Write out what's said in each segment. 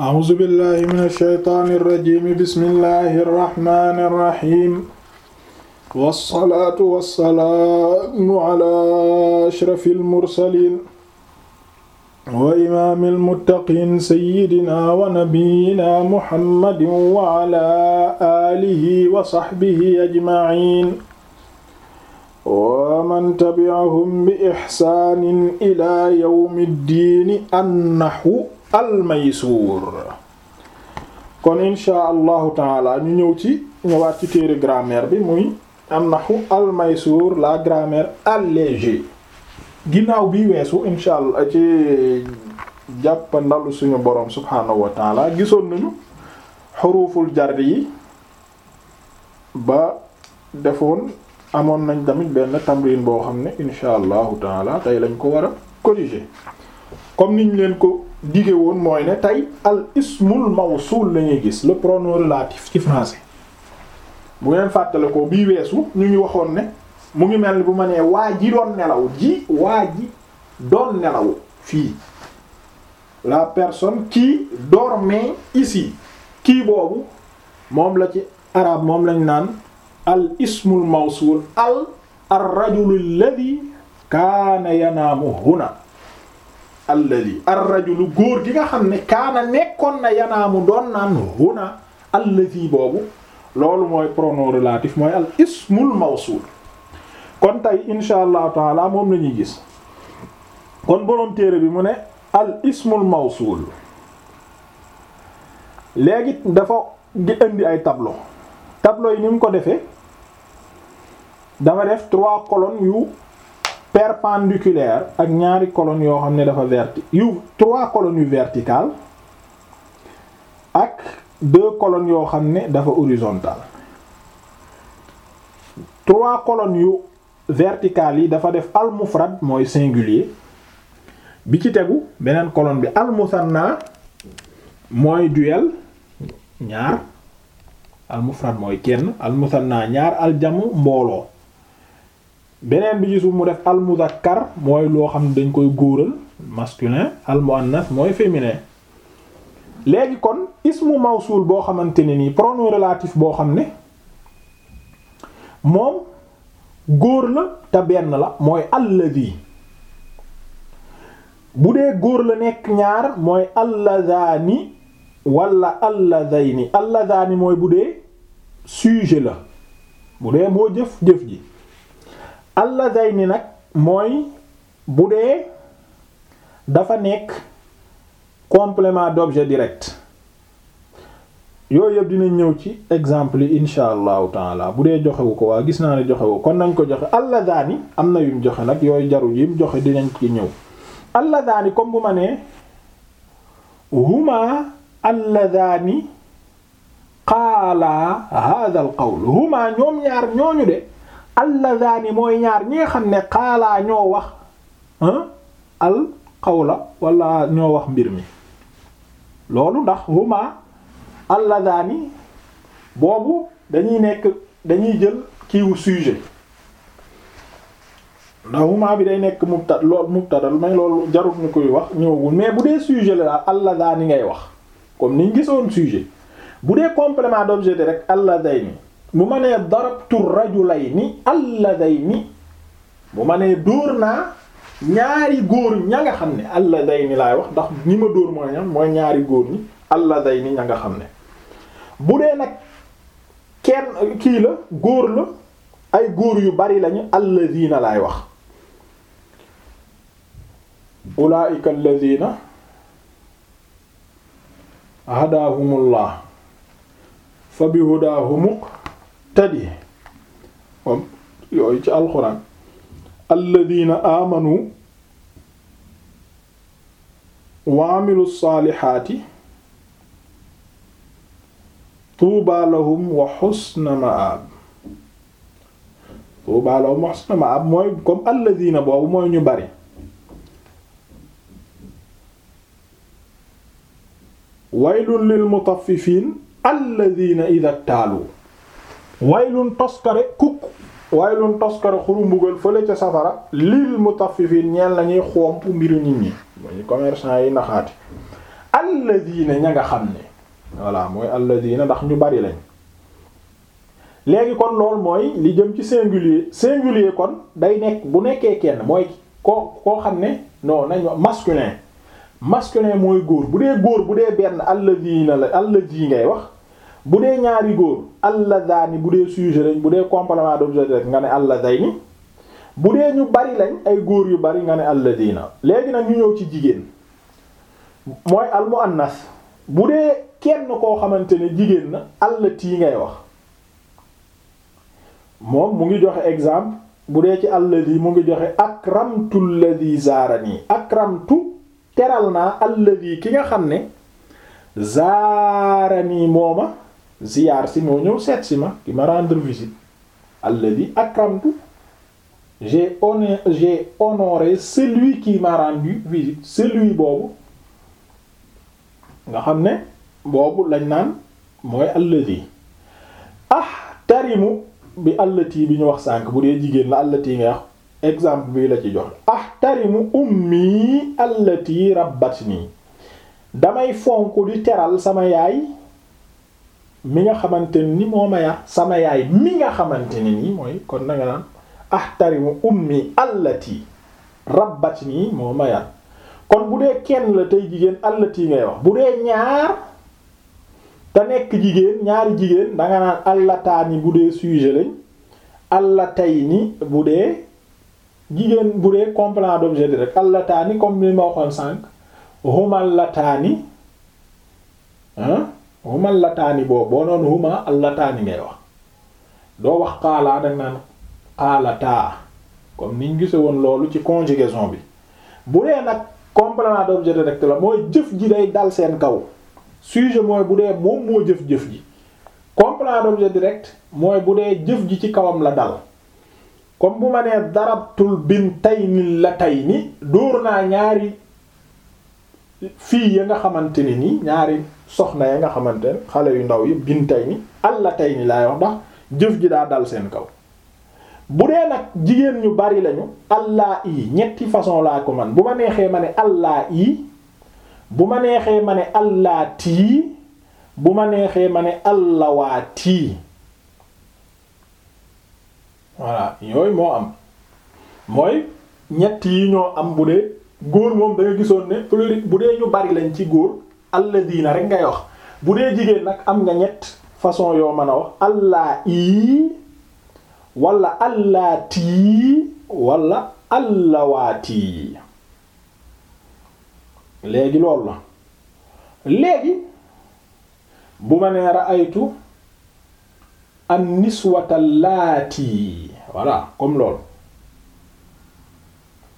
أعوذ بالله من الشيطان الرجيم بسم الله الرحمن الرحيم والصلاة والسلام على أشرف المرسلين وإمام المتقين سيدنا ونبينا محمد وعلى آله وصحبه أجمعين ومن تبعهم بإحسان إلى يوم الدين النحو almaysuur kon insha allahu taala ñu ñëw ci ñëwaat ci téere grammaire bi muy am naxu almaysuur la grammaire allégée ginnaaw bi weesu insha allah ci jàppandalu suñu borom subhaanahu wa taala gisoon nañu xuruful jar yi ba defoon amoon nañ tamit benn tamrin boo xam ne insha allahu taala tey lañ ko war a corriger niñ leen ko dige woon mooy ne tey al ismul mawsul la ñuy gis le pronom relatif ci français bu ngeen fàttale ko bii weesu ñu ngi waxoon ne mu ngi mel ni bu ma nee waa ji doon nelaw ji waa ji doon nelaw fii la personne qui dormait ici kii boobu moom la ci arab moom lañ naan al ismul mawsul al ar rajulu alladhi kaana yanaamu huna alladi arrajulu góor gi nga xam ne kaana nekkoon na yanaamu doon naan huna alladi boobu loolu mooy pronom relatif mooy al ismul mawsul kon tey insha allahu taala moom la ñuy gis kon boroom téere bi mu ne al ismul mawsul léegi dafa di indi ay tablo tablo yi ni mu ko defee dama def trois colonnes yu perpendiculaire ak ñaari colonnes yoo xam ne dafa verti yu trois colonnes yu verticales ak deux colonnes yoo xam ne dafa horizontales trois colonnes yu verticales yi dafa def al mooy singulier bi ci tegu beneen colonne bi al musanna mooy duel ñaar al mooy kenn al musanna ñaar al jamu mbooloo beneen bi ci mu def al mooy loo xam ne dañ koy góoral masculin al mooy féminin léegi kon ismu mawsul boo xamante ne nii pronom relatif boo xam ne moom góor la te benn la mooy alladi bu dee góor la nekk ñaar mooy alladaani wala alladayni alladaani mooy bu dee sujet la bu dee moo jëf jëf ji alladayni nag mooy bu dee dafa nekk complément d'objet direct yooyu yëpp dinañ ñëw ci exemple yi insha allahu taala bu dee joxewu ko waa gis naa ne joxewu kon nañ ko joxe alladani am na yum joxe nag yooyu jarul yim joxe dinañ ci ñëw alladani comme bu ma nee huma alladani qaala hadha al qawl huma ñoom ñaar ñooñu de alladaani mooy ñaar ñi nga xam ne xaalaa ñoo wax al qawla wala ñoo wax mbir mi loolu ndax huma alladaani boobu dañuy nekk dañuy jël kiiwu sujet ndax huma bi day nekk mubtada lool mubtada may loolu jarut ñu koy wax ñëwagul mais bu dee sujet la daal alladaani ngay wax comme niñ gisoon sujet bu dee complément d'objet direct alladayni bu ma nee darabtu rajulayni alladayni bu ma nee dóor naa ñaari góor ña nga xam ne alladayni laay wax ndax ñi ma dóor mooy ñam mooy ñaari góor ñi alladayni ña nga xam ne bu dee nag kenn kii la góor la ay góor yu bari lañu alladina laay wax ulaika alladina hadaahumullah fa bi hudaahumu tadi moom yooyu ci alxuraan alladina amanu wa amilu saalihaati tuuba lahum wa xusna ma'ab tuuba lahum wa xusna ma'ab mooy comme alladina boobu mooy ñu bari waylun lil mutaffifiin alladina idha taalu waylun toskare kukk waylun toskare xuru mbugal fële ca safara lil mutaffifin ñeel na ñuy xomp mbiru nit ñi mooy commerçant yi naxaati alladina ña nga xam ne voilà mooy alladina ndax ñu bari lañ léegi kon lool mooy li jëm ci singulier singulier kon day nekk bu nekkee kenn mooy ko koo xam ne non nañ masculin masculin mooy góor bu dee góor bu dee benn alladina la alladina ngay wax bu dee ñaari góor alladaani bu dee sujet lañ bu dee complément d'objet rek nga ne alladayni bu dee ñu bari lañ ay góor yu bari nga ne alladina léegi nag ñu ñëw ci jigéen mooy al muannas bu dee kenn koo xamante ne jigéen na allati ngay wax moom mu ngi joxe exemple bu dee ci alladi mu ngi joxe akramtu alladi zaarani akramtu teral naa alladi ki nga xam ne zaarani mooma ziyaar si moo ñëw seet si ma ki ma rendre visite alladi akramtu j'ai honoré j'ai honoré celui qui m'a rendu visite boobu nga xam ne boobu lañ naan mooy alladi ah tarimu bi allati bi ñu wax sànk bu dee jigéen la allati nga wax exemple bi la ci jox ah tarimu ummi allati rabbatni damay fonk di teral sama yaay mi nga xamante ni moo ma yar sama yaay mi nga xamante ne nii mooy kon na nga naan ahtarimu ummi allati rabbat nii moo ma yar kon bu dee kenn la tey jigéen allati ngay wax bu dee ñaar te nekk jigéen ñaari jigéen da naan allataani bu dee sujet lañ allatayni bu dee jigéen bu dee complément d'objet direct allataani comme ni ma waxoon sànq humal lataani ah, humal lataani boobu boo noonu huma al lataani ngay wax doo wax xaalaa danga naan xaalataa kon niñ gise woon loolu ci conjugaison bi bu dee nag complément d'objet direct la mooy jëf ji day dal seen kaw sujet mooy bu dee moom moo jëf-jëf ji complément d'objet direct mooy bu dee jëf ji ci kawam la dal comme bu ma nee darabtul bintayni latayni dóor naa ñaari fii ya nga xamante ni nii ñaari soxna ya nga xamante xale yu ndaw yi bintay ni alla tay ni laay wax ndax jëf ji daa dal seen kaw bu dee nag jigéen ñu bari lañu allaa i ñetti façon laa ko man bu ma neexee ma ne allaa i bu ma neexee ma ne allaa tii bu ma neexee ma ne allawaa tii voilà yooyu moo am mooy ñetti yi ñoo am bu dee góor moom da gisoon ne pluri bu dee ñu bari lañ ci góor alladina rek ngay wax bu dee jigéen nag am na ñett façon yoo mën a wax allah ii wala allaati wala allawaati léegi loolu la léegi bu ma nee ra'aytu an niswata laati voilà comme loolu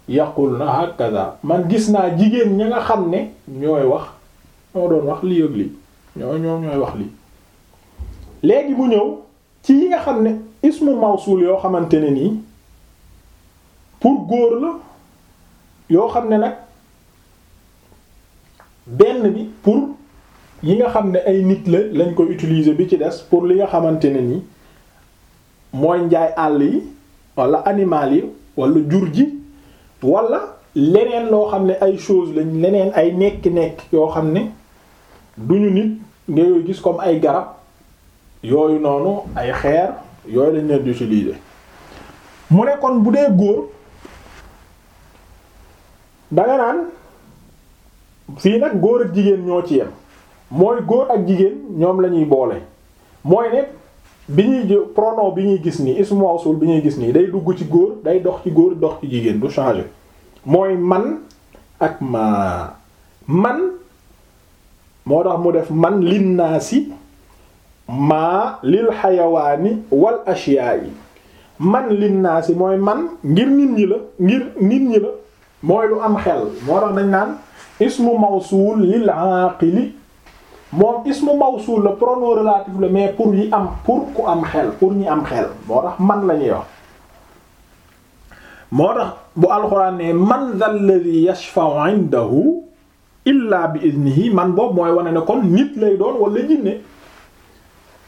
yaqul na hakaza man gis naa jigéen ñi nga xam ne ñooy wax moo doon wax lii ak lii ñoom ñooy wax lii léegi mu ñëw ci yi nga xam ne ismu mawsul yoo xamante ne nii pour góor la yoo xam ne nag benn bi pour yi nga xam ne ay nit la lañ koy utiliser bi ci des pour li nga xamante ne nii mooy njaay àll yi wala animal yi walla jur ji wala leneen loo xam ne ay choses lañ leneen ay nekki nekk yoo xam ne duñu nit ngay gis comme ay garab yooyu noonu ay xeer yooyu lañ leen di utiliser mu ne bu dee góor danga naan fii nag góor ak jigéen ñoo ci yem mooy góor ak jigéen ñoom la ñuy boole mooy ne bi ñuy pronom bi ñuy gis nii ismu mawsul bi ñuy gis nii day dugg ci góor day dox ci góor dox ci jigéen du changer mooy man ak ma man moo tax mu def man linnaasi maa lil xayawaani wal ashiyaa yi man linnaasi mooy man ngir nit ñi la ngir nit ñi la mooy lu am xel moo tax dañ naan ismu mawsuul lil aaqili moom ismu mawsuul la pronom relatif la mais pour yi am pour ku am xel pour ñi am xel moo tax man la ñuy wax moo tax bu alxuraan ne man dhal ladhi yashfa'u 'indahu illaa bi idnihi man boobu mooy wane ne kon nit lay doon wala jinne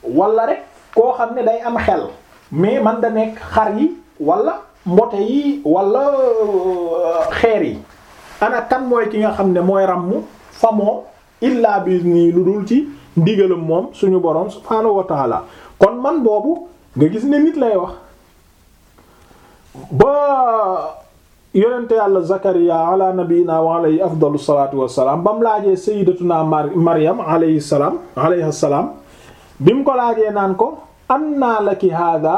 wala rek koo xam ne day am xel mais man da nekk xar yi walla mbote yi wala euh, xeer yi ana kan mooy ki nga xam ne mooy ràmm fa illa illaa bi idnihi lu dul ci ndigalam moom suñu borom subhaanahu wa kon man boobu nga gis ne nit lay wax ba yonente yàlla zakariya ala nabiyina wa alayhi afdalu salaatu wassalaam ba mu laajee sayyidatuna maryam alayhi salaam salaam bi mu ko laajee naan ko anna laki hada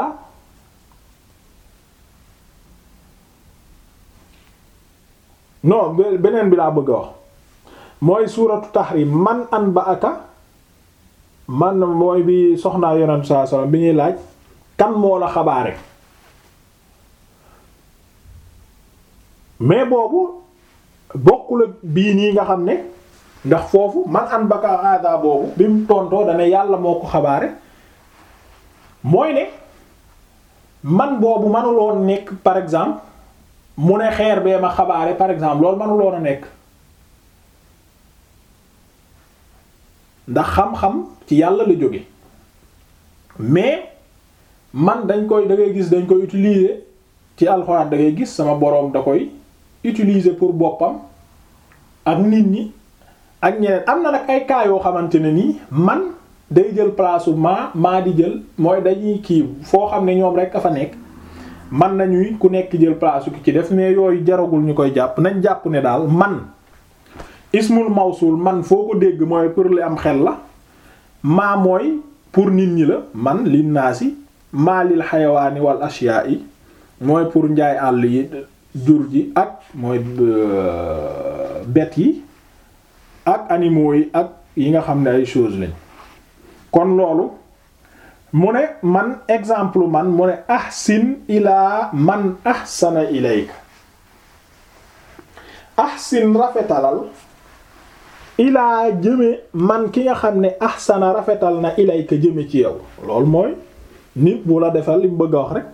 non beneen bi laa bëgg a wax mooy suuratu tahrim man an ba aka man mooy bi soxnaa yonente sallallahu bi ñuy laaj kan moo la xabaare mais boobu bokkul ak bii nii nga xam ne ndax foofu man an baka aada boobu bi mu tontoo dana yàlla moo ko xabaare mooy ne man boobu manuloon nekk par exemple mu ne xeer bee ma xabaare par exemple loolu manuloon a nekk ndax xam-xam ci yàlla la jóge mais man dañ koy da ngay gis dañ koy utiliser ci alxuraan da ngay gis sama boroom da koy utiliser pour boppam ak nit ñi ak ñeneen am na nag ay cas yoo xamante ne nii man day jël place su maa maa di jël mooy dañuy kii foo xam ne ñoom rek a fa nekk man nañuy ku nekk jël place su ki ci def mais yooyu jaragul ñu koy jàpp nañ jàpp ne daal man ismul mawsul man foo ko dégg mooy pour li am xel la maa mooy pour nit ñi la man lin naasi maa lil xayawaani wal ashyaa yi mooy pour njaay àll yi jur ji ak mooy euh, bête yi ak animaux yi ak yi nga xam ne ay choses lañ kon loolu mu ne man exemple man mu ne ahsin ilaa man ahsana ilayka ahsin rafetalal ilaa jëme man ki nga xam ne ahsana rafetal na ilayka jëme ci yow loolu mooy nit bu la defal li mu bëgg a wax rek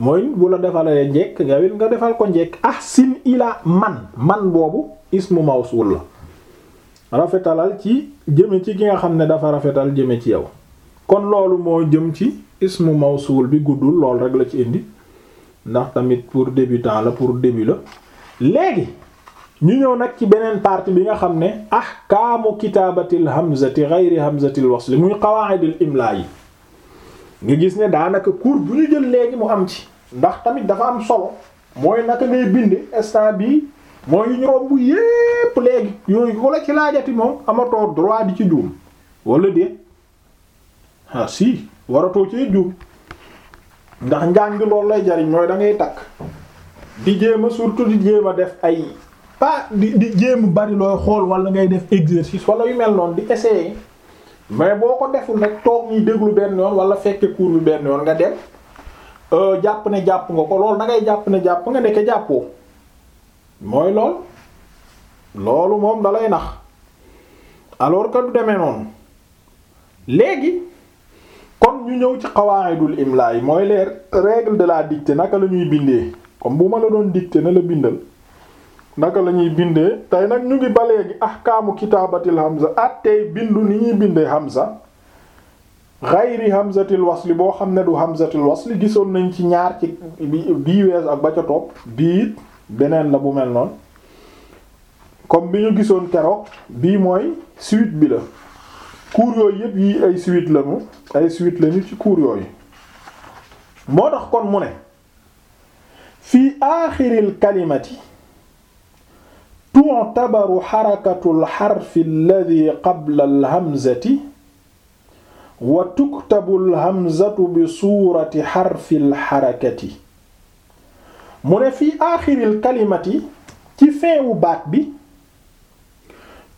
mooy bu la defalee njekk nga wit nga defal ko njekk ahsin ilaa man man boobu ismu mawsul la rafetalal ci jëme ci ki nga xam ne dafa rafetal jëme ci yow kon loolu moo jëm ci ismu mawsul bi guddul lool rek la ci indi ndax tamit pour débutant la pour début la léegi ñu ñëw nag ci beneen partie bi nga xam ne ahkaamu kitaabatil hamzati ghayri hamzatil wasli muy qawaa'idil imla yi nga gis ne daanaka cours bu ñu jël léegi mu am ci ndax tamit dafa am solo mooy naka ngay binde instant bii mooy yu ñu romb yépp léegi yooyu ko la ci laajati moom amatoo droit di ci juum wala de ah si waratoo ci cee juum ndax njàng loolu lay jariñ mooy da ngay takk di jéem a surtout di jéem a def ay pas di di jéem bari looy xool wala ngay def exercice wala yu mel noonu di essayer mais boo ko deful nag toog ñuy déglu benn yoon wala fekke cours bi benn yoon nga dem. Euh, jàpp ne jàpp nga ko loolu da jàpp ne jàpp nga nekk jàppoo mooy lool loolu moom dalay nax alors que du demee noonu léegi kon ñu ñëw ci qawaidul imla yi mooy les règles de la dictée naka la ñuy bindee comme bu ma la doon dictée na la bindal naka la ñuy bindee tey nag ñu ngi ba léegi ahkaamu kitaabatil sa at tey bindu ni ñuy bindee sa xayri hamzatil wasli boo xam ne du hamzatil wasli gisoon nañ ci ñaar ci bii wees ak ba ca beneen la bu mel noonu comme bi ñu gisoon keroog bii mooy suite bi la cours yooyu yëpp yi ay suite lañu ay suite lañu ci cours yooyu moo tax kon mu ne fii aaxiril kalimati tu'tabaru xarakatu xarfi alladhi qabla al wa tuktabu alhamzatu bi suurati xarfil xarakati mu ne fi aaxiril kalimati ci feewu baat bi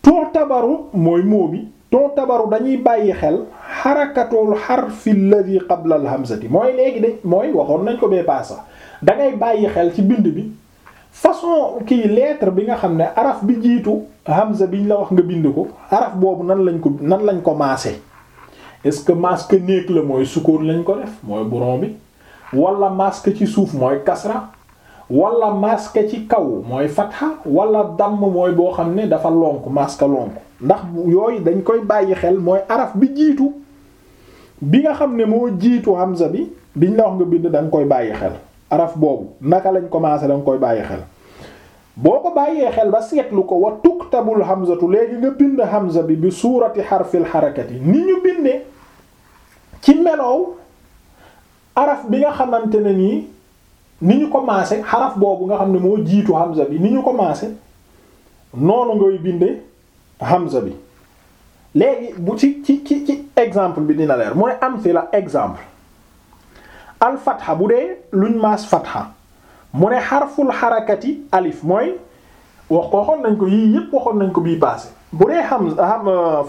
tootabaru mooy moomi tabaru dañuy bàyyi xel xarakatul xarfi lladi qabla alhamzati mooy léegi de mooy waxoon nañ ko bee paasa dangay bàyyi xel ci bind bi façon kii lettre bi nga xam ne araf bi jiitu hamza biñ la wax nga bind ko araf boobu nan lañ ko nan lañ ko maase est-ce que masque néeg la mooy sukkoon lañ ko def mooy buron bi wala masque ci suuf mooy kasra walla masque ci kaw mooy fatxa wala damm mooy boo xam ne dafa lonk masque lonk ndax yooyu dañ koy bàyyi xel mooy araf bi jiitu bi nga xam ne moo jiitu hamza bi biñ la wax nga bind da koy bàyyi xel araf boobu naka lañ commencé da nga koy bàyyi xel boo ko bàyyee xel ba seetlu ko wa tuktabul hamzatu léegi nga bind hamza bi bi suurati xarfil xarakati ni ñu bindee ci melow araf bi nga xamante ne nii ni ñu commencé xaraf boobu nga xam ne moo jiitu hamza bi ni ñu commencé noonu ngay binde hamza bi léegi bu ci ci ci ci exemple bi dina leer mooy am si la exemple al fatha bu dee luñ maas fatxa mu ne xarful xarakati alif mooy wax waxoon nañ ko yii yépp waxoon nañ ko bii passé bu dee xam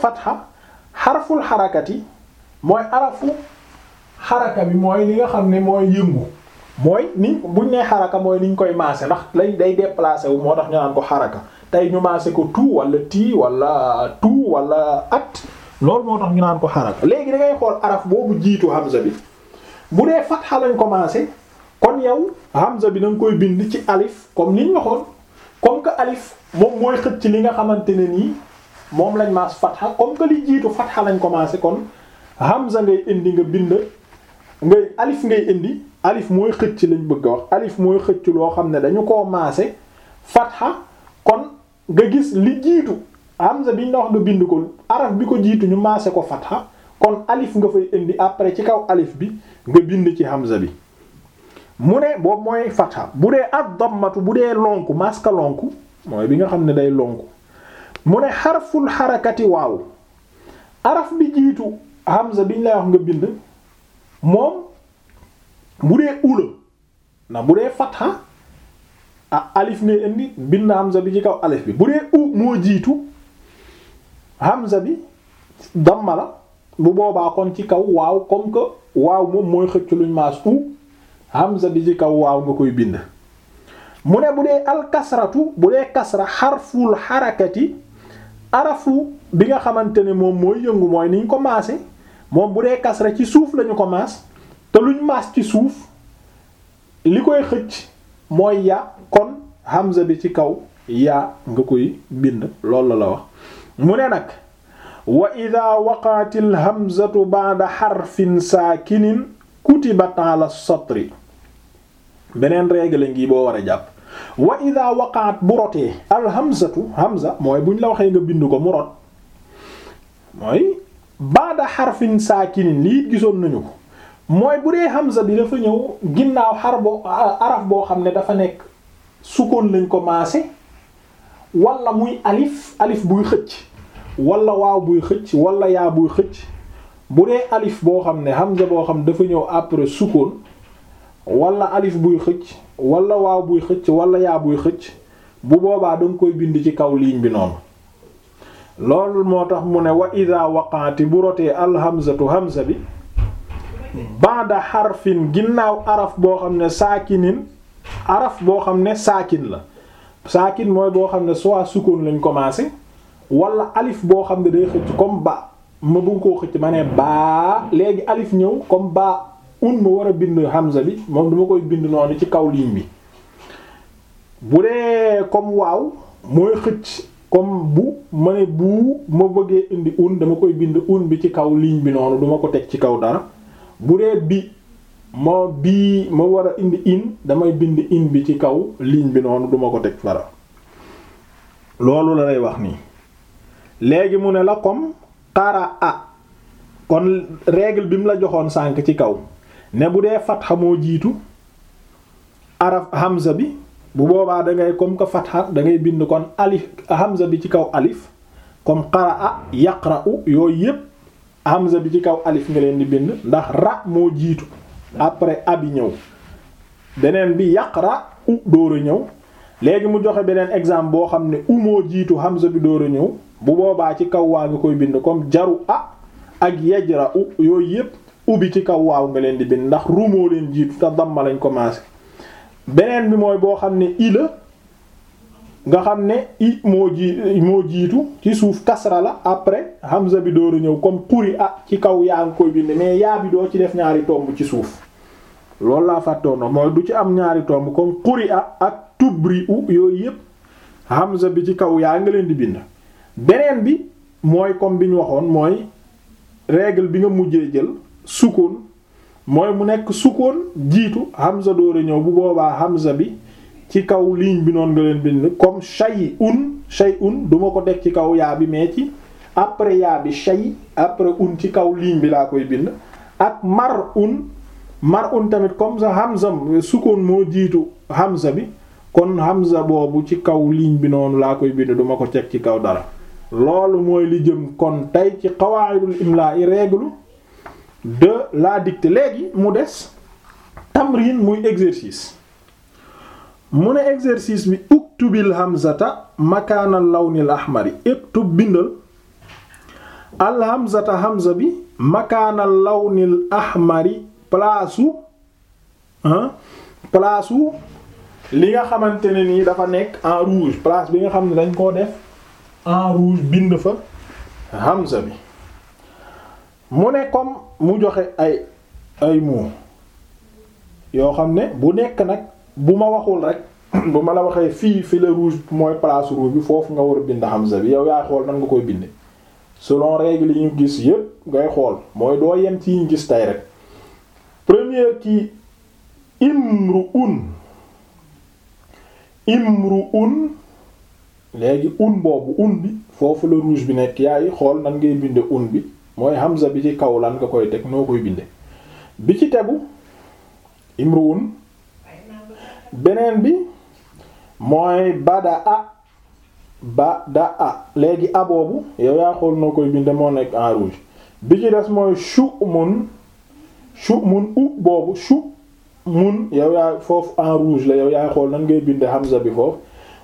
fatha xarful xarakati mooy arafu xaraka bi mooy li nga xam ne mooy yëngu mooy niñ buñ nee xaraka mooy niñ koy maase ndax lay day déplacé wu moo tax ñu naan ko xaraka tey ñu maase ko tu walla tii walla tu wala at loolu moo tax ñu naan ko xaraka léegi da ngay xool araf boobu jiitu hamza bi bu dee fatxa lañ commencé kon yow hamza bi da koy bind ci alif comme niñ waxoon comme que alif moom mooy xëcc li nga xamante ne nii moom lañ maas fatxa comme que li jiitu fatxa lañ commencé kon hamza ngay indi nga bind ngay alif ngay indi alif mooy xëcc lañ bëgg a wax alif mooy xëcc loo xam ne dañu koo maase fatxa kon nga gis li jiitu hamza biñ la wax nga bind ko araf bi ko jiitu ñu maase ko fatha kon alif nga fay indi après ci kaw alif bi nga bind ci hamza bi mu ne boobu mooy fatha bu dee ad dammatu bu dee lonku maska lonku mooy bi nga xam ne day lonku mu ne xarful xarakati waaw araf bi jiitu hamza biñ lay wax nga bind moom bu dee ula na bu dee fatha ah alif ngay indi bind hamza bi ci kaw alif bi bu dee u moo jiitu hamza bi damma bu boobaa kon ci kaw waaw comme que waaw moom mooy xëcc luñ maas u hamza bi ci kaw waaw nga koy bind mu ne bu dee alkasratu bu dee kasra xarful xarakati arafu bi nga xamante ne moom mooy yëngu mooy niñ ko maase moom bu dee kasre ci suuf lañu ko maas te luñ maas ci suuf li koy xëcc mooy ya kon hamza bi ci kaw yaa nga koy bind loolu la wax mu ne nag wa ida waqaatil hamzatu ba'da xarfin saakinin kutibat ala satri beneen règle ngi boo war a jàpp wa ida waqaat bu rotee alhamzatu hamza mooy buñ la waxee nga bind ko mu rot mooy baada xarfin saakinin lii gisoon nañu ko mooy bu dee hamza bi dafa ñëw ginnaaw xar boo araf boo xam ne dafa nekk sukkoon lañ ko maase wala muy alif alif buy xëcc wala waaw buy xëcc walla yaa buy xëcc bu dee alif boo xam ne hamza boo xam dafa ñëw après sukkoon wala alif buy xëcc wala waaw buy xëcc wala yaa buy xëcc bu boobaa danga koy bind ci kaw ligne bi noonu loolu moo tax mu ne wa ida waqaati bu rotee alhamzatu hamza bi baada xarfin ginnaaw araf boo xam ne saakinin araf boo xam ne saakin la saakin mooy boo xam ne soit sukkoon lañ commencé wala alif boo xam ne day xëcc comme ba ma bëgg koo xëcc ma ne baa léegi alif ñëw comme ba un ma war a bind hamza bi moom dama koy bind noonu ci kaw ligne bi bu dee comme waaw mooy xëcc comme bu ma ne bu ma bëggee indi un dama koy bind un bi ci kaw ligne bi noonu duma ko teg ci kaw dara bu dee bi ma bii ma war a indi in damay bind in bi ci kaw ligne bi noonu duma ko teg dara loolu la lay wax nii léegi mu ne la comme tara a kon règle bi mu la joxoon sànk ci kaw ne bu dee fatxa moo jiitu araf hamza bi bu boobaa da ngay comme que fatha da ngay bind kon alif hamza bi ci kaw alif comme qaraa yaqra'u yooyu yépp hamza bi ci kaw alif nga leen di bind ndax ra moo jiitu après abi ñëw beneen bi yaqra u dóor a ñëw léegi mu joxe beneen exemple boo xam ne u moo jiitu hamza bi dóor a ñëw bu boobaa ci kaw waaw nga koy bind comme jaru a ak yajra u yooyu yépp u bi ci kaw waaw nga leen di bind ndax ru moo leen jiitu te damma lañ commencé beneen bi mooy boo xam ne i nga xam ne i moo ji moo jiitu ci suuf kasra la après hamza bi dooru ñëw comme xuri ah ci kaw yaa ngi koy bind mais yaa bi doo ci def ñaari tomb ci suuf loolu laa fàttoona mooy du ci am ñaari tomb comme xuri a ak tubri u yooyu yépp hamza bi ci kaw yaa nga leen di bind beneen bi mooy comme bi ñu waxoon mooy règle bi nga mujjee jël sukun mooy mu nekk sukkoon jiitu Hamza door a ñëw bu boobaa Hamza bi ci kaw ligne bi noonu nga leen comme shay un shay un duma ko teg ci kaw yaa bi mais ci après bi shay après un ci kaw ligne bi laa koy bind ak mar tamit comme ça Hamza sukkoon moo jiitu Hamza bi kon Hamza boobu ci kaw ligne bi noonu laa koy bind duma ko teg ci kaw dara loolu mooy li jëm kon tey ci qawaidul imla i règle laa la léegi mu des tamrin muy exercice mu ne exercice bi uktubil hamzata makaana lawnil ahmari uktub bindal al hamzata hamza bi law nil ahmari palaasu hein palaasu li nga xamante ni nii dafa nekk en rouge place bi nga xam ne dañ koo def en rouge bind fa hamza bi mu ne comme mu joxe ay ay mots yoo xam ne bu nekk nag bu ma waxul rek bu ma la waxee fii fil rouge mooy place rouge bi foofu nga war a bind hamza bi yow yaay xool nan nga koy binde selon règle yi ñu gis yëpp ngay xool mooy doo yem ci ñu gis tey rek première ki imru'un imru'un léegi un boobu un bi foofu la rouge bi nekk yaay xool nag ngay binde un bi mooy hamza bi ci kaw lan nga koy teg noo koy binde bi ci tegu imruun beneen bi mooy bada a bada a léegi a boobu yow yaa xool noo koy binde moo nekk en rouge bi ci des mooy chu mun chu mun u boobu chu mun yow yaa foofu en rouge la yow yaa xool nan ngay binde hamza bi foofu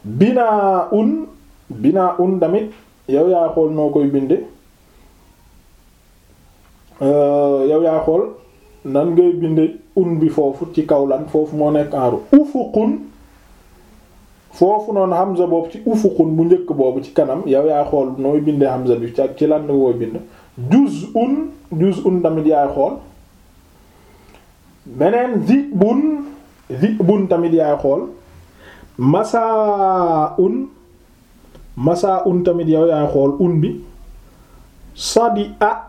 binaa un binaa un tamit yow yaa xool noo koy binde Euh, yow yaa xool nan ngay binde un bi foofu ci kaw lan foofu moo nekk aaru ufuqun foofu noonu hamza boobu ci ufuqun bu njëkk boobu ci kanam yow yaa xool nooy binde hamza bi ci lan la woo bind juz'un juz'un tamit yaay xool beneen zibun bun tamit yaay xool masaa'un un tamit yow yaay xool un bi sadi'a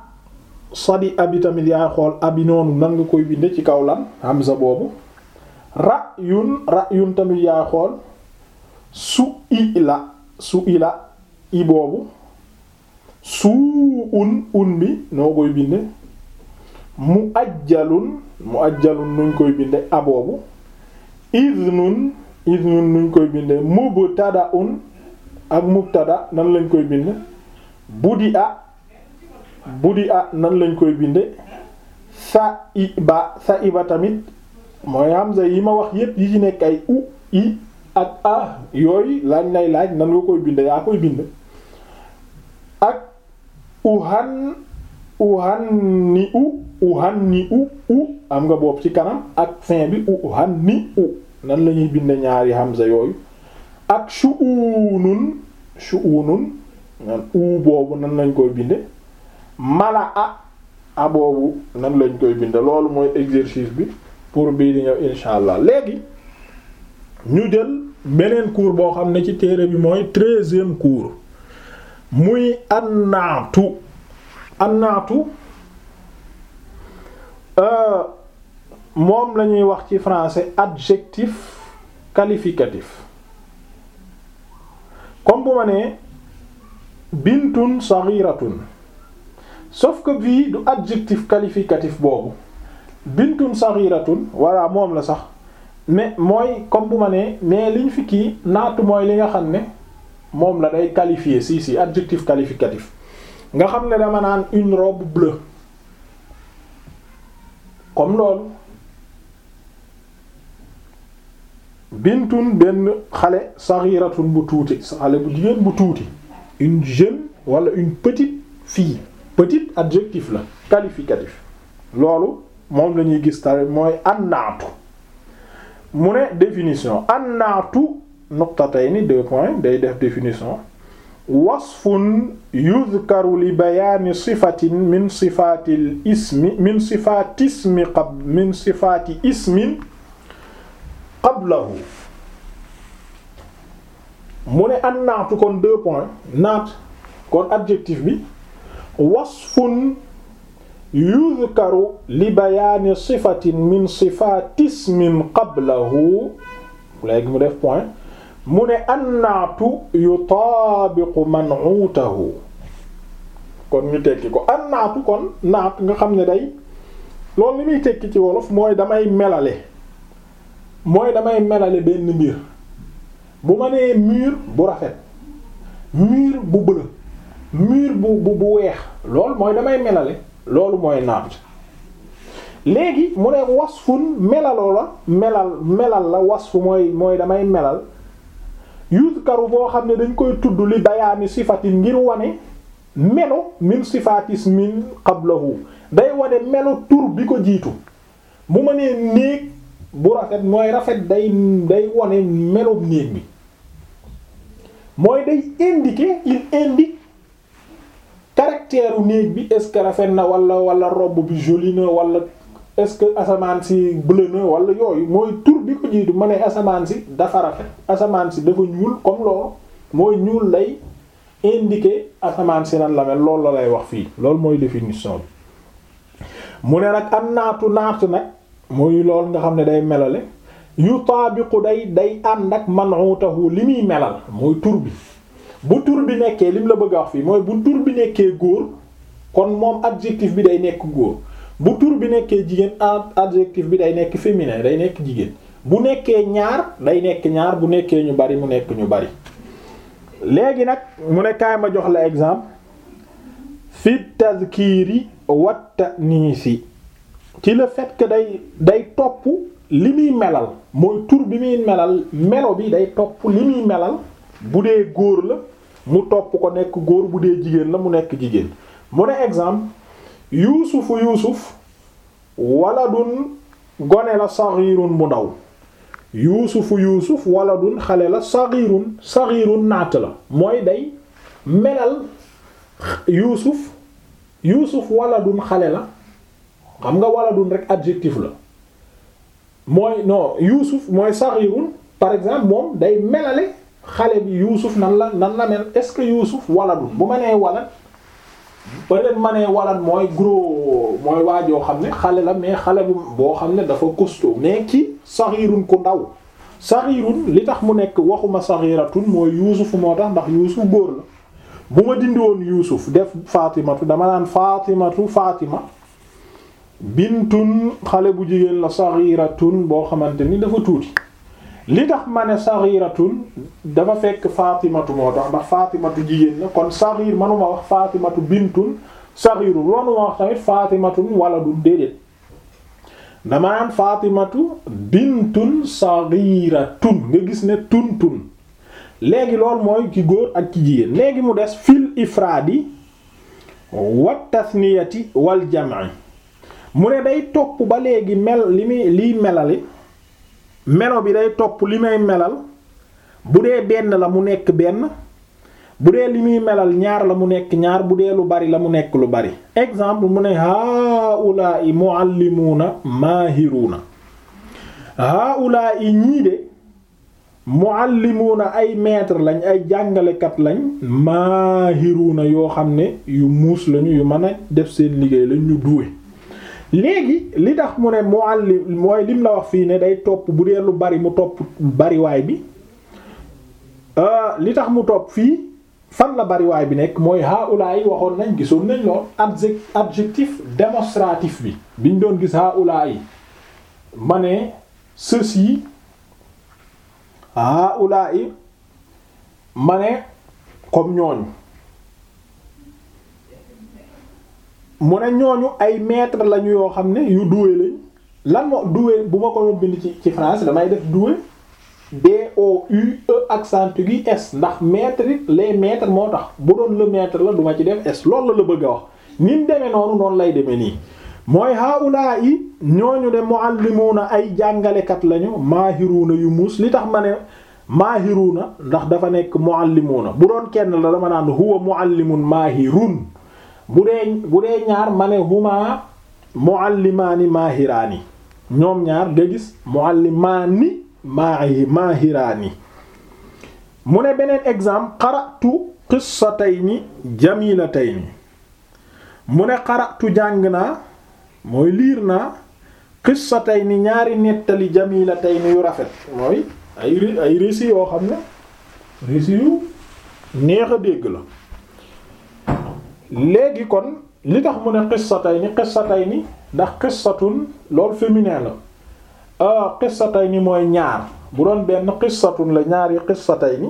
sadi abi tamit yaay xool abi noonu nan nga koy binde ci kaw lan hamza boobu ra yun tamit yaay xool su i la su i la i boobu suu un un bi noo koy binde mu ajjalun mu ajjalun nuñ koy binde a boobu iznun nuñ koy binde mubtada un ak mubtada nan lañ koy binde budi a bu di a ah, nan lañ koy bindee sa i ba sa iba tamit mooy hamza yi ma wax yépp yi ci nekk ay u i ak a yooyu laaj lay laaj nan nga koy binde yaa koy bind ak uhan uhan ni u uhan ni u u am nga bopp ci kanam ak fin bi uhan ni u nan la ñuy binde ñaari hamza yooyu ak shu'unun shu'unun nan u boobu nan lañ koy binde mala a a boobu nan lañ koy bind loolu mooy exercice bi pour bii di ñëw insha allah léegi ñu jël beneen cours boo xam ne ci téere bi mooy treizième cours muy annaatu annaatu euh, moom la ñuy wax ci français adjectif qualificatif comme bu ma nee bintun saghiratun sauf que bii du adjectif qualificatif boobu bintun saghiratun walla moom la sax mais mooy comme bu ma nee mais liñ fi kii naatu mooy li nga xam ne moom la day qualifier si si adjectif qualificatif nga xam ne dama naan une robe bleue comme loolu bintun benn xale saghiratun bu tuuti xale bu jigéen bu tuuti une jeune walla une petite fille petit adjectif la qualificatif loolu moom lañuy gis tamit mooy annaatu mu ne définition annaatu nuqtatayni deux points day def définition wasfun yuzkaru li bayaani sifatin min sifaatil ismi min sifaati qab min sifaati ismin qablahu mu ne annaatu kon deux points naat kon adjectif bi wasfun yuzkaru li bayaani sifatin min sifaati ismin qablahu mu def point mu ne annaatu yutaabiqu kon ñu tekki ko annaatu kon naat nga xam ne day loolu li muy tekki ci wolof mooy damay melale mooy damay melale benn mbir bu ma nee mur bu rafet mur bu bleu mur bu bu bu weex loolu mooy damay melale loolu mooy naat léegi mu ne wasfun melaloo la melal melal la wasfu mooy mooy damay melal karu boo xam ne dañ koy tudd li bayaani sifatin ngir wane melo min sifatis min qablahu day wane melo tur bi ko jiitu mu ma nee néeg bu rafet mooy rafet day day wane melo néeg bi mooy day indiquer il indique caractère u néeg bi est-ce que rafet na wala wala robe bi jolie na wala est-ce que asamaan si bleu na wala yooyu mooy tur bi ko jiitu ma ne asamaan si dafa rafet asamaan si dafa ñuul comme loolu mooy ñuul lay indiquer asamaan si na la lool la lay wax fii loolu mooy définition bi mu ne nag am naatu naatu nag mooy lool nga xam ne day melale yu taabiqu day day ànd ak man'utahu li muy melal mooy tur bi bu tur bi nekkee lim la bëgg a wax fii mooy bu tur bi nekkee góor kon moom adjectif bi day nekk góor bu tur bi nekkee jigéen adjectif bi day nekk féminin day nekk jigéen bu nekkee ñaar day nekk ñaar bu nekkee ñu bari mu nekk ñu bari léegi nag mu ne kaay ma jox la exemple fi tazkiri watta niisi ci le fait que day day topp li muy melal mooy tur bi muy melal melo bi day topp li muy melal bu dee góor la mu topp ko nekk góor bu dee jigéen la mu nekk jigéen mu ne exemple yuusufu yuusuf waladun gone la saghirun bu ndaw yuusufu yuusuf waladun xale la saghirun saghirun naat la mooy day melal yuusuf yuusuf waladun xale la xam nga wala waladun rek adjectif la mooy non yuusuf mooy saghirun par exemple moom day melale xale bi yuusuf nan la nan la mel est-ce que yuusuf waladun bu ma nee walad peut-être ma nee walad mooy gros mooy waajoo xam ne xale la mais xale bu boo xam ne dafa costaud mais ki saxiirun ku ndaw saxiirun li tax mu nekk waxuma saxiiratun mooy yuusuf moo tax ndax yuusuf góor la bu ma dindi woon yuusuf def fatimatu dama naan fatimatu faatima bintun xale bu jigéen la saxiiratun boo xamante ni dafa tuuti li tax ma ne saxiratun dafa fekk fatimatu moo tax ndax fatimatu jigéen la kon saxir manuma wax fatimatu bintun saxiru loonuma wax tamit fatimatun waladun déedéet dama gis ne tun tun loolu mooy ki góor ak ki jigéen léegi mu des fil ifraadi wa tasniyati wal jam'i mu ne day topp ba léegi mel liy melali melo bi day topp li may melal bu dee benn la mu nekk benn bu dee li muy melal ñaar la mu nekk ñaar bu dee lu bari la mu nekk lu bari exemple mu ne haa'ulaa'i mu'allimuuna maahiruuna haa'ulaa'i ñii de muallimuuna ay maître lañ ay jàngalekat lañ maahiruuna yoo xam ne yu muus lañuy yu mën a def seen liggéey lañ ñu duwe léegi li tax mu ne muallim mooy lim la wax fii ne day topp bu dee lu bari mu topp bariwaay bi euh, li tax mu topp fii fan la bariwaay bi nekk mooy haula yi waxoon nañ gisoon nañ lool adjectif démonstratif bi biñ doon gis haula yi ma ne ceci haula yi ma ne comme ñooñu mu ne ñooñu ay maître lañu yoo xam ne yu doué lañ lan moo doué bu ma ko doon bind ci ci français damay def doué D O U E accent ndax maître it les maîtres moo tax bu doon le maître la duma ci def S loolu la bëgg a wax ni mu demee noonu noonu lay demee nii. mooy haula yi ñooñu de muallimuuna ay jàngalekat lañu maahiruuna yu muus li tax ma ne maahiruuna ndax dafa nekk muallimuuna bu doon kenn la dama naan huwa muallimun maahirun bu dee bu dee ñaar ma ne huma muallimaani maahiraani ñoom ñaar nga gis muallimaani maahi mu ne beneen exemple qara'tu qissatayni jamilatayni mu ne qara'tu jàng naa mooy liir naa ni ñaari nettali jamilatayni yu rafet mooy ay ay récits yoo xam ne récits yu neex a dégg la léegi kon li tax mu ne qissatayni ni ndax qissatun loolu féminin la ah ni mooy ñaar bu doon benn qissatun la ñaari ni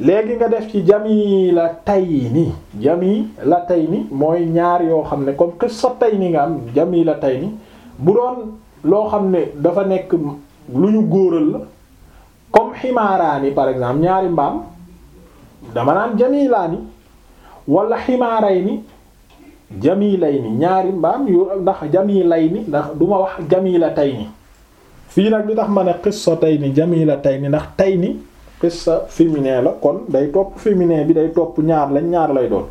léegi nga def ci jamilatayni jamilatayni mooy ñaar yoo xam ne comme qissatayni nga am jamilatayni bu doon loo xam ne dafa nekk lu ñu góoral la comme ximaaraani par exemple ñaari mbaam dama naan jamilaani wala ximaaray ni jami lay ni ñaari mbaam yu ndax jami lay ni ndax du ma wax jami la tay ni fii nag li tax ma ne xissa tay ni jami la tay ni ndax tay ni xissa féminin la kon day topp féminin bi day topp ñaar lañ ñaar lay doon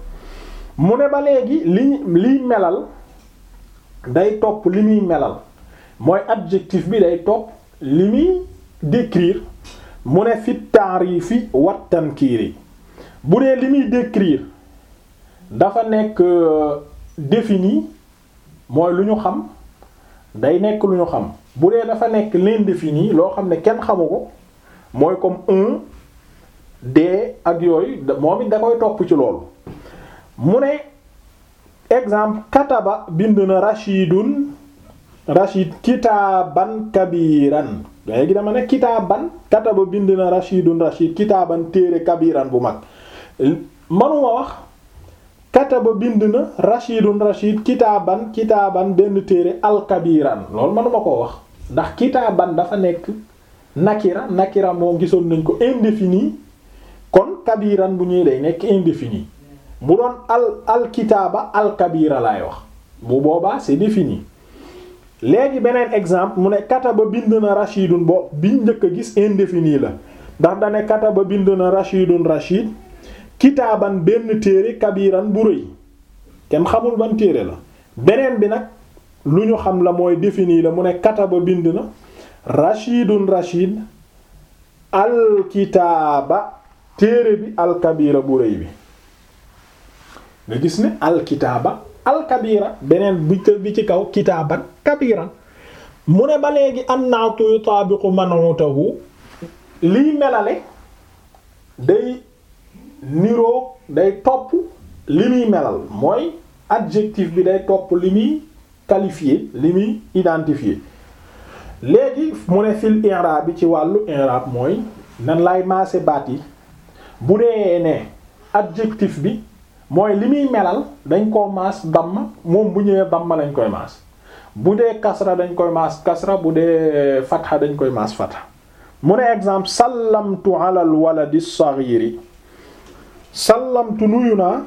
mu ne ba léegi li liy melal day topp li muy melal mooy adjectif bi day topp li muy décrire mu ne fi taarifi wat tankiiri bu dee li muy décrire dafa nekk euh, defini mooy lu ñu xam day nekk lu ñu xam bu dee dafa nekk l'indéfini loo xam ne kenn xamu ko mooy comme un de ak yooyu moom it da topp ci loolu mu ne exemple kataba bind na rashidun rashid kitaaban kabiran léegi dama ne kitaaban kataba bind na rashidun rashid kitaaban téere kabiran bu mag manuma wax kataba bind na rashidun rashid kitaaban kitaaban benn téere alkabiran loolu manuma ko wax ndax kitaaban dafa nekk nakira nakira moom gisoon nañ ko indéfini kon kabiran bu ñuy day nekk indéfini bu doon al alkitaaba alkabira laay wax bu boobaa c'est défini léegi beneen exemple mu ne kataba bind na rashidun bo biñ njëkk a gis indéfini la ndax dane kataba bind na rashidun rashid kitaaban benn téere kabiran bu rëy kenn xamul ban téere la beneen bi nag lu ñu xam la mooy défini la mu ne kataba bind na rashidun rashid alkitaaba téere bi alkabira bu rëy bi nga gis ne alkitaaba alkabira beneen bi ci kaw kitaaban kabiran mu ne ba léegi annaatu yutaabiqu manutahu liy melale day niroo day topp li muy melal mooy adjectif bi day topp li muy qualifié li muy identifié léegi mu ne fil i'rab bi ci wàllu i'rab mooy nan lay maase baat yi bu dee ne adjectif bi mooy li muy melal dañ ko maas damma moom bu ñëwee damma lañ koy maas bu dee kasra dañ koy maas kasra bu dee fatha dañ koy maas fatha mu ne exemple sallamtu ala al waladi saghiri sallamtu nuyu naa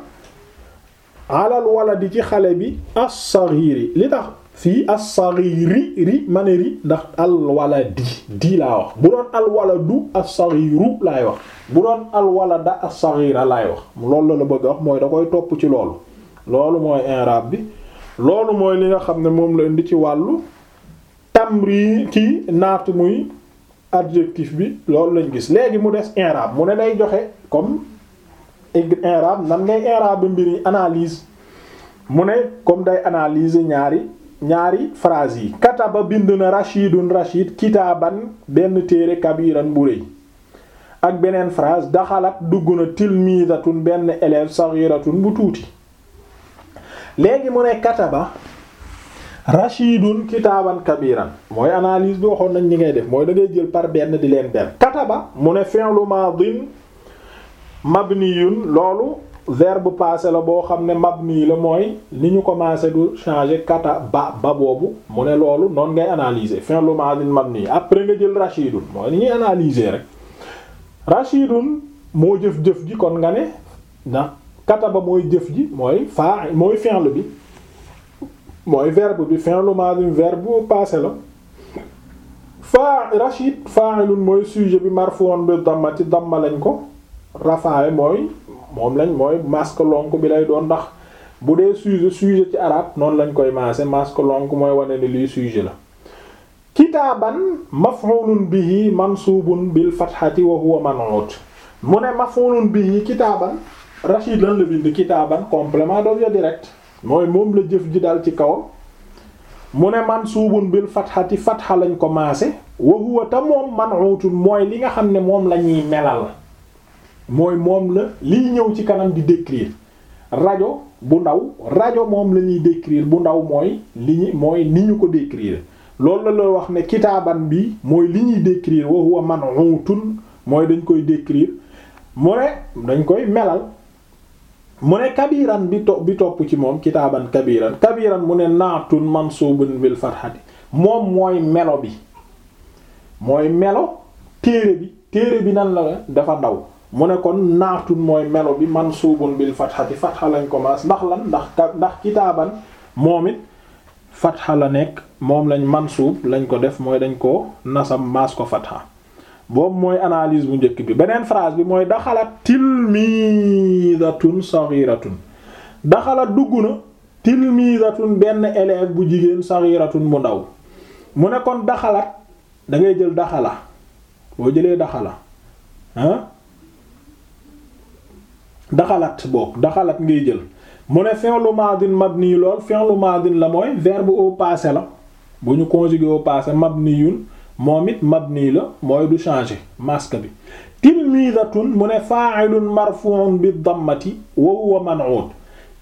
alal waladi ci xale bi as-saghiri li tax fii as-saghiri ri ma ne ri ndax al-waladi di laa wax bu doon al-waladu as-saghiru laay wax bu doon al-walada as-saghira laay wax loolu la la bëgg a mooy da koy topp ci loolu loolu mooy i'rab bi loolu mooy li nga xam ne moom la indi ci wàllu tamri ci naatu muy adjectif bi loolu lañ gis léegi mu des i'rab mu ne day joxe comme i'rab nan ngay i'rab mbiri analyse mu ne comme day analyser ñaari ñaari phrase yi kataba bind na rashidun rashid kitaaban benn téere kabiran bu rëy ak beneen phrase daxalat dugg na tilmidatun benn élève saghiratun bu tuuti léegi mu ne kataba rashidun kitaaban kabiran mooy analyse bi waxoon nañ ñi ngay def mooy da jël par benn di leen benn kataba mu ne fi'lu madin mab mabniyun loolu verbe passé la boo xam ne mabni la mooy ni ñu commencé du changer kata ba ba boobu mu ne loolu noonu ngay analyser fin lu madin nii après nga jël rashidun mooy li ñuy rek rashidun moo jëf-jëf ji kon nga ne ndax kata ba mooy jëf ji mooy fa mooy fi'l bi mooy verbe bi fin lu madin verbe passé la fa rashid fa'ilun mooy sujet bi marfu'un bi damma ci damma lañ ko rafaawe mooy moom lañ mooy masque lonk bi lay doon ndax bu dee sujet sujet ci arab noonu lañ koy maase masque lonk mooy wane ni lii sujet la kitaaban maf'ulun bihi mansubun bil fathati wa huwa man'ut mu ne maf'ulun bihi kitaaban Rachid lan la bind kitaaban complément d'objet direct mooy moom la jëf ji dal ci kaw mu ne mansuubun bil fathati fatha lañ ko maase wa huwa ta moom man'utun mooy li nga xam ne moom la ñuy melal mooy moom la liy ñëw ci kanam di décrire rajo bu ndaw rajo moom lañuy ñuy bu ndaw mooy li mooy ni ñu ko décrire loolu la la wax ne kitaaban bi mooy li ñuy décrire wa huwa man'utun mooy dañ koy décrire mu ne dañ koy melal mu ne kabiran bi to bi topp ci moom kitaaban kabiran kabiran mu ne naatun mansubun bil farhati moom mooy melo bi mooy melo téere bi téere bi nan la dafa ndaw mu ne kon naatun mooy melo bi mansuubun bil fatxati fatxa lañ commence ndax lan ndax ndax kitaaban moom it fatxa la nekk moom lañ mansuub lañ ko def mooy dañ ko nasam maas ko fatxa boobu mooy analyse bu njëkk bi beneen phrase bi mooy daxala tilmidatun saghiratun daxala dugg na tilmidatun benn élève bu jigéen saghiratun bu ndaw mu ne kon daxalat da jël daxala boo jëlee daxala ah daxalaat boog daxalaat ngay jël mu ne fi'lu madin mabni lool fi'lu madin la mooy verbe au passé la bu ñu conjugué au passé mabniyun moom it mabni la mooy du changer masque bi tilmidatun mu ne fa'ilun marfu'un bi dammati wa huwa man'ut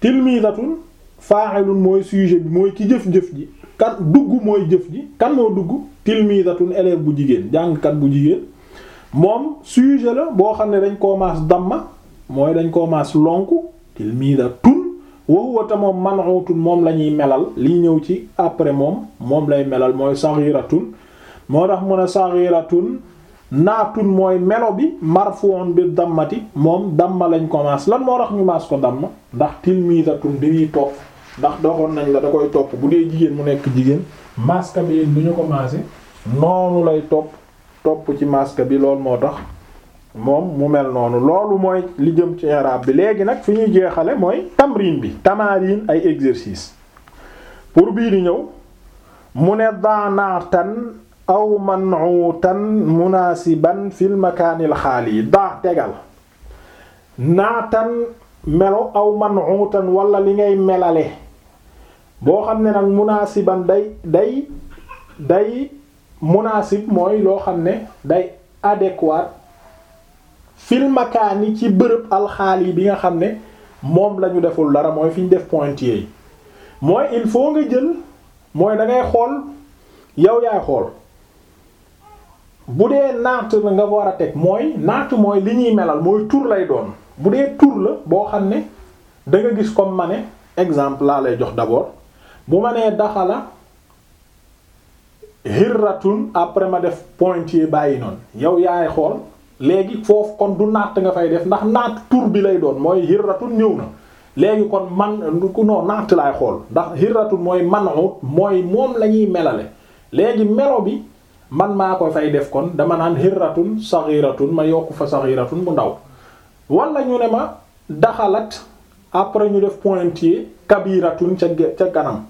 tilmidatun fa'ilun mooy sujet bi mooy ki jëf-jëf ji kan dugg mooy jëf ji kan moo dugg tilmidatun élève bu jigéen jàngkat bu jigéen moom sujet la boo xam ne dañ ko maas damma mooy dañ koo maas lonku tilmidatun wa huwa ta moom man'utun moom la ñuy melal li ñëw ci après moom moom lay melal mooy saghiratun moo tax a ne saghiratun naatun mooy melo bi marfu'un bi dammati moom damma lañ ko maas lan moo tax ñu maas ko damma ndax tilmidatun bi ñuy topp ndax doxoon nañ la da koy topp bu dee jigéen mu nekk jigéen maska bi bu ñu ko maase noonu lay topp topp ci maska bi loolu moo tax moom mu mel noonu loolu mooy li jëm ci i'rab bi léegi nag fi ñuy jeexale mooy tamrin bi tamarin ay exercice pour biir di ñëw mu ne daanaatan aw manuutan munaasiban fil makaanil xaali yi daa tegal naatan melo aw manuutan wala li ngay melale boo xam ne nag munaasiban day day day munaasib mooy loo xam ne day adéquat fil makaani ci bërëb alxaal bi nga xam ne moom la ñu deful dara mooy fi ñu def pointier yi mooy il faut nga jël mooy da ngay xool yow yaay xool bu dee naat la nga war a teg mooy naat mooy li ñuy melal mooy tur lay doon bu dee tur la boo xam ne da nga gis comme ma ne exemple laa lay jox d'abord bu ma nee daxala hirratun après ma def pointier bàyyi noonu yow yaay xool léegi foofu kon du natt nga fay def ndax naat tur bi lay doon mooy hirratun ñëw na léegi kon man ku noo natt laay xool ndax hirratun mooy manut mooy moom la melale léegi melo bi man maa ko fay def kon dama naan hirratun saghiratun ma yokk fa saghiratun mu ndaw wala ñu ne ma daxalat après ñu def pointier kabiratun ca ca kanam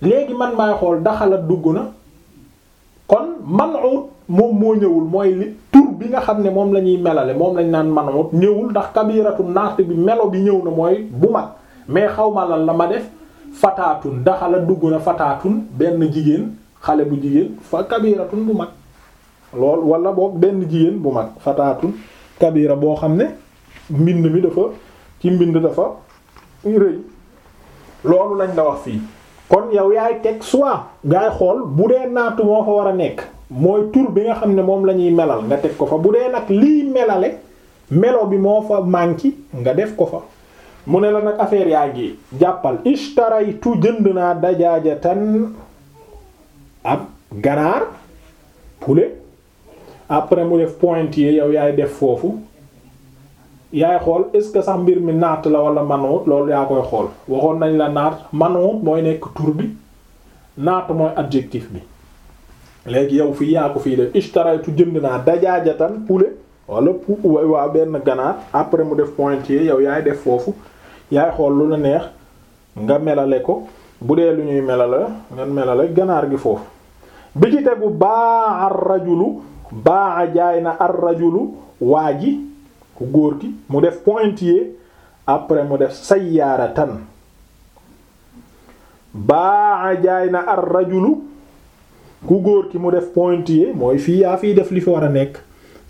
léegi man maay xool daxalat dugg na kon manut moom moo ñëwul mooy li tur bi nga xam ne moom la ñuy melale moom lañu naan manamut ñëwul ndax kabiratu naxt bi melo bi ñëw na mooy bu mag mais xawma lan la ma def fataatun daxala dugg na fataatun benn jigéen xale bu jigéen fa kabiratun bu mag lool benn jigéen bu mag fataatun kabira boo xam ne mbind mi dafa ci mbind dafa loolu lañ la wax fii kon yow yaay teg soit gaay xool bu dee naatu moo fa war a nekk mooy tur bi nga xam ne moom la ñuy melal nga def ko fa bu dee nag lii melale melo bi moo fa manqué nga def ko fa mu ne la nag affaire yaa ngi jàppal ishtaraytu jënd naa dajaajatan ab ganaar poulet après mu def point pointier yow yaay def foofu yaay xool est-ce que sax mbir mi naat la wala manuut loolu yaa koy xool waxoon nañ la naat manuut mooy nekk tur bi naat mooy adjectif bi léegi yow fii yaa fii def ishtaraytu jënd naa dajaajatan poulet wala pou waa benn ganaar après mu def pointier yow yaay def foofu yaay xool lu la neex nga melale ko bu dee lu ñuy melale nga melale ganaar gi foofu bi ci tegu baa ar rajulu baa jaay na a rajulu waa gi ku góor gi mu def pointier après mu def sayyaaratan baa jaay na ar rajulu ku góor ki mu def pointillé mooy fii yaa fiy def li fi war a nekk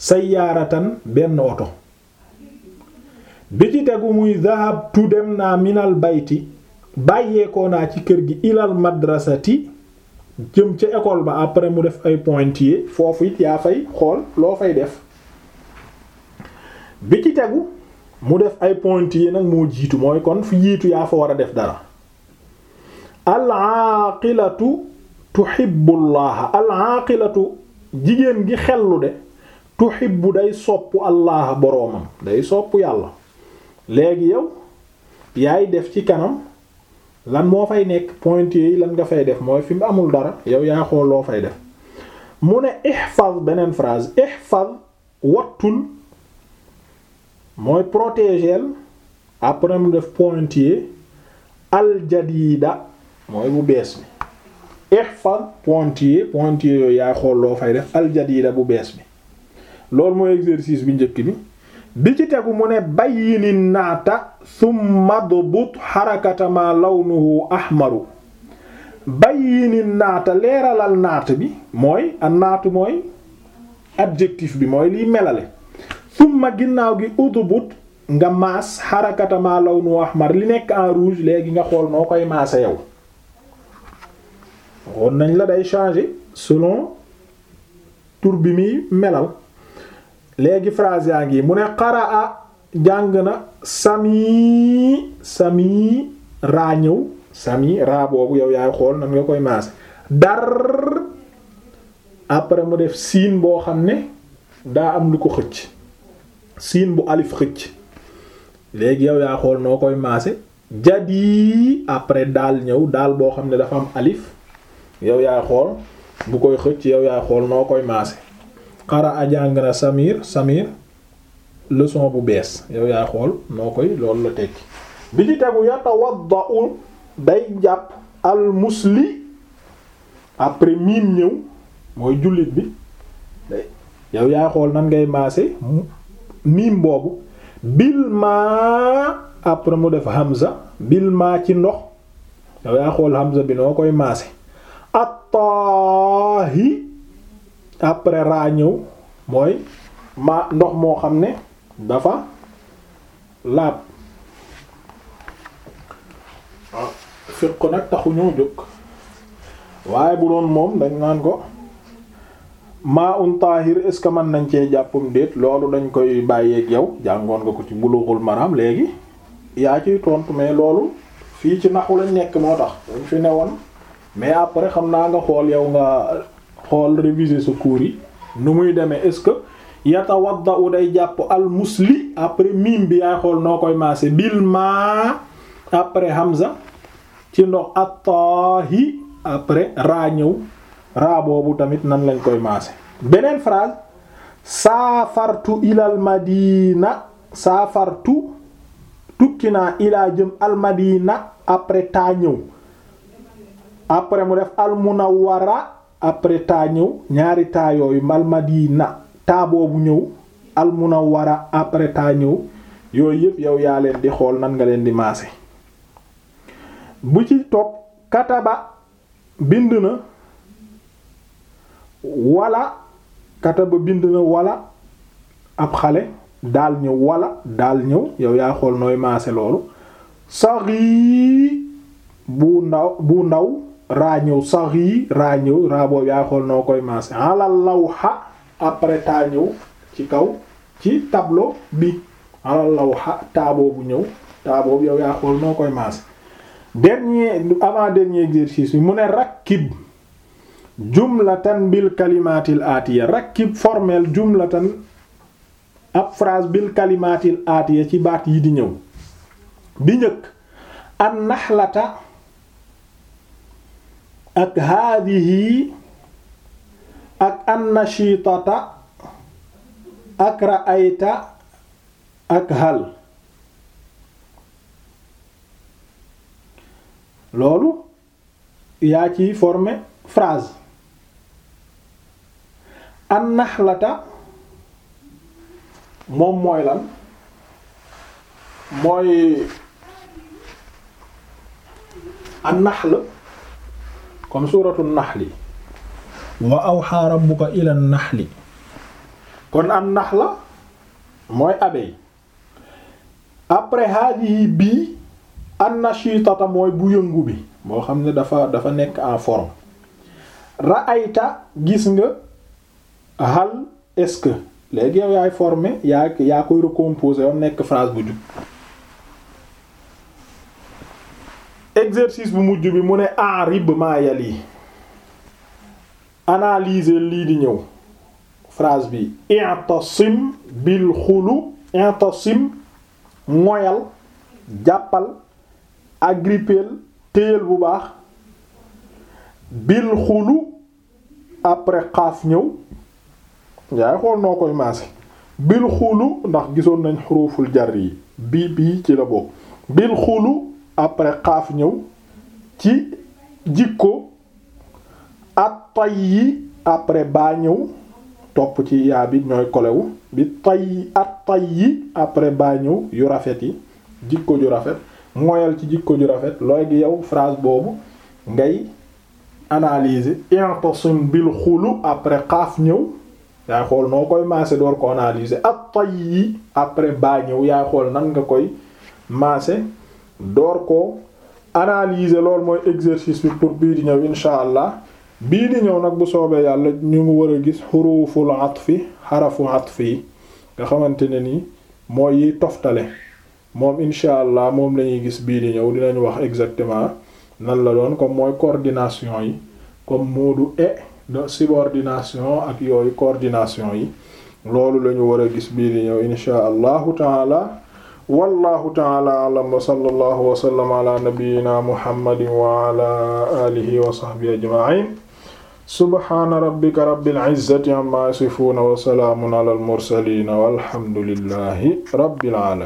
sayyaratan benn oto bi ci tegu muy dhahabtu dem naa minal bayti bàyyeekoo naa ci kër gi ilal madrasati jëm ca école ba après mu def ay pointillé foofu it yaa fay xool loo fay def bi ci tegu mu def ay pointillé nag moo jiitu mooy kon fi jiitu yaa fa war a def dara al aqilatu tuhibbullaha al-aaqilatu jigéen gi xellu de tuhibbu day soppu allah boroomam day soppu yàlla léegi yow yaay def ci kanam lan moo fay nekk pointier yi lan nga fay def mooy fi mu amul dara yow yaa xool loo fay def mu ne ihfaz beneen phrase ihfaz wattul mooy protégeel après mu def pointier aljadida mooy bu bees bi ihfaz pointillé pointillé yooyu xool loo fay def aljadida bu bees bi loolu mooy exercice bi njëkk bi bi ci tegu mu ne bayyini naata thumma dubut xarakatama law lawnuhu ahmaru bayyini naata leeralal naat bi mooy a naatu mooy adjectif bi mooy liy melale thumma ginnaaw gi udubut nga maas xarakatama lawnuhu ahmar li nekk en rouge léegi nga xool noo koy maase yow waxoon nañ la day changer selon tour bi muy melal léegi phrase yaa ngi mu ne qaraa jàng na sami sami raa ñëw sami raa boobu yow yaay xool na nga koy maase dar après mu def siin boo xam ne daa am lu ko xëcc siin bu alif xëcc léegi yow yaa xool noo koy maase jadi après daal ñëw daal boo xam ne dafa am alif yow yaa xool bu koy xëcc yow yaa xool noo koy maase qaraa jàng na samir samir leçon bu bees yow yaay xool noo koy loolu la tekki bi ci tegu yatawadda'u day jàpp almusli après miim ñëw mooy jullit bi yow yaa xool nan ngay maase miim boobu bil maa après mu def hamza bil maa ci ndox yow yaay xool hamza bi noo koy maase attaahi après raa ñëw mooy ma ndox moo xam ne dafa laab ko ah, nag taxu ñoo jóg waaye bu doon moom dañ naan ko maa un taahir est ce que mën nañ cee jàppam déet loolu dañ koy bàyyeeg yow jàngoon nga ko ci bulughul maram léegi yaa ciy tontu mais loolu fii ci naxu lañ nekk moo tax dañ fi ne woon mais après xam naa nga xool yow nga xool réviser sa cours yi nu muy demee est-ce que yatawadda u day jàpp al après miim bi yaay xool noo koy maase bil maa après hamza ci ndox attaahi après raa ñëw raa boobu tamit nan lañ koy maase beneen phrase saafartu ilal madina saafartu tukki naa ilaa jëm al madina après taa ñëw après mu def almunawwara après taa ñëw ñaari taa yooyu yi madina taa boobu ñëw almunawwara après taa ñëw yooyu yëpp yow yaa leen di xool nan nga leen di maase bu ci topp kataba bind na wala kataba bind na wala ab xale daal ñëw wala daal ñëw yow yaa xool nooy maase loolu sax bu ndaw bu ndaw raa ñëw sax yi raa rakkib formel jumlatan ab phrase bil kalimaatil aatiya ci baat yi di ñëw bi njëkk an ak haadihi ak annashitata ak ra'ayta ak hal loolu yaa ci former phrase annaxlata moom mooy lan mooy annaxla comme suuratu naxli wa awxaa rabbuka ila li kon an nax la mooy abeille après haadihi bii an nashitata mooy bu yëngu bi boo xam ne dafa dafa nekk en forme ra'ayta gis nga hal est-ce que léegi yow yaay forme yaa yaa koy recomposer yow nekk phrase bu jub exercice bu mujj bi mu ne enrib maa yi analyser lii di ñëw phrase bi i'tasim bil moyal jàppal agrippeel téyal bu baax bil xulu après xaaf ñëw yaay xool noo koy maase bil xulu ndax gisoon nañ xuruuful jar yi bii bii ci la bokk bil xulu après xaaf ñëw ci jikko ak tay yi après baa ñëw topp ci yaa bi ñooy kolewu bi tay yi ak tay yi après baa ñëw yu rafet yi jikko ju rafet moyal ci jikko ju rafet looy gi yow phrase boobu ngay analyser i'tasim bil xulu après xaaf ñëw yaay xool noo koy maase door ko analyser ak tay yi après baa ñëw yaay xool nan nga koy maase door ko analyser loolu mooy exercice bi pour bii di ñëw insha allah bii di ñëw nag bu soobee yàlla ñu ngi war a gis xuruful atfi xarafu atfi yi nga xamante ne nii mooy yiy toftale moom insha allah moom lañuy gis bii di ñëw dinañ wax exactement nan la doon comme mooy coordination yi comme moodu e subordination ak yooyu coordination yi loolu la ñu war a gis bii di ñëw insha allahu taala wallahu taala alam wa sallallahu wa sallam ala nabiyyina muhammadin wa ala alihi wa sahbihi ajma'in subhana rabbika rabbil izzati amma yasifuna wa salaamun ala al mursalin walhamdulillahi rabbil alamin